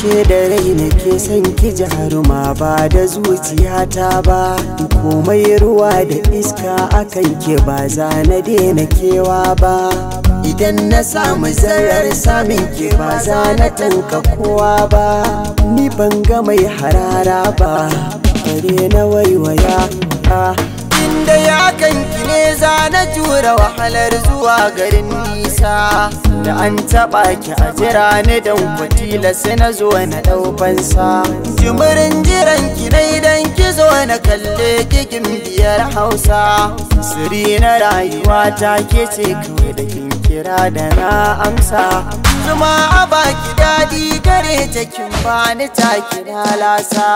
she da rai nake son ki jaruma ba da zuciyata ba komai ruwa da iska akan ke, ba za na daina kewa ba idan na samu zarar samin ke, ba za na tanka kowa ba ni ban ga mai harara ba bare na waiwaya inda ya ki ne za na jura wahalar zuwa garin nisa da an taɓa ki a jira ni dan kwatila sai na zo na ɗaufansa jimirin jiran ki na idan ki zo na kalle kigin biyar hausa siri na rayuwa ta ke ce kawai da kin kira da na amsa zuma a baki daɗi gare ta kin bani ta kira lasa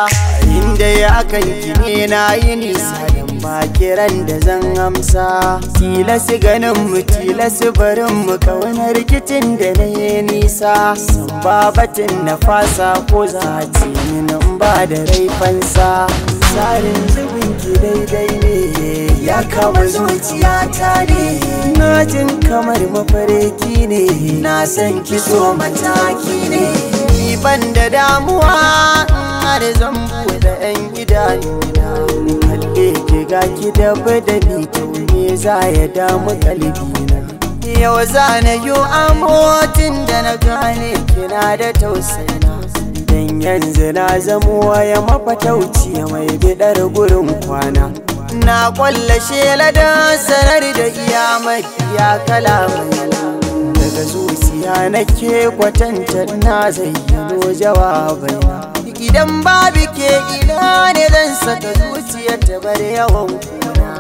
inda ya ki ne na yi nisa da ba kiran da zan amsa tila su ganin mu tila su barin mu rikicin da na yi nisa babatin na fasa ko za ce ba da raifansa tsarin zubin ki daidai ne ya kama zuciya ta ne na jin kamar mafariki ne na san ki so mataki ne ban da damuwa har zan buɗe ɗan idanuna kalle ki ga ki da badali to me za ya damu kalbina yau za na yi amotin da na gane kina da tausayina dan yanzu na zamo waya mafatauci mai bidar gurin kwana na kwalla shela da sanar da iya mafiya kalamayana daga zuciya na ke kwatanta na zai zayyano jawabaina idan babu ke ina ne zan saka zuciyar ta bar yawan kuna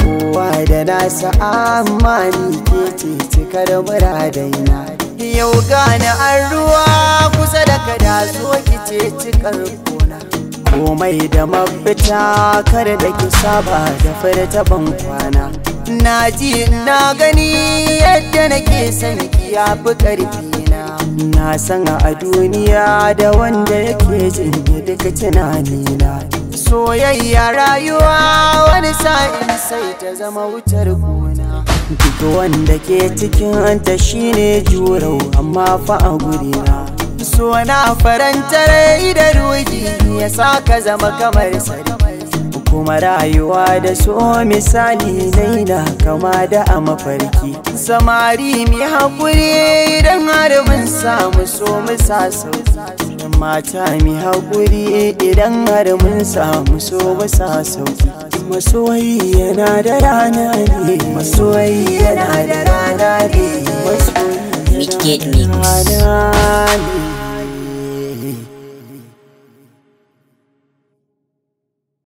kowa da nasa amani ke ce cika da muradaina yau gane an ruwa kusa da kada zo ki ce cikar kuna komai da mafita kar da ki saba da furta ban kwana na ji na gani yadda nake son ki ya fi ƙarfi na san a duniya da wanda yake jin duka tunanina soyayya rayuwa wani sa'in sai ta zama wutar gona duk wanda ke cikin anta shine jurau amma fa a gurina so na faranta rai da ruhi ya sa ka zama kamar sarki kuma rayuwa da so misali naina kama da a mafarki samari mai haƙuri idan harbin samu so musa sauki mata mai haƙuri idan harbin samu so musa sauki masoyi yana da rana ne masoyi yana da rana ne masoyi yana da rana ne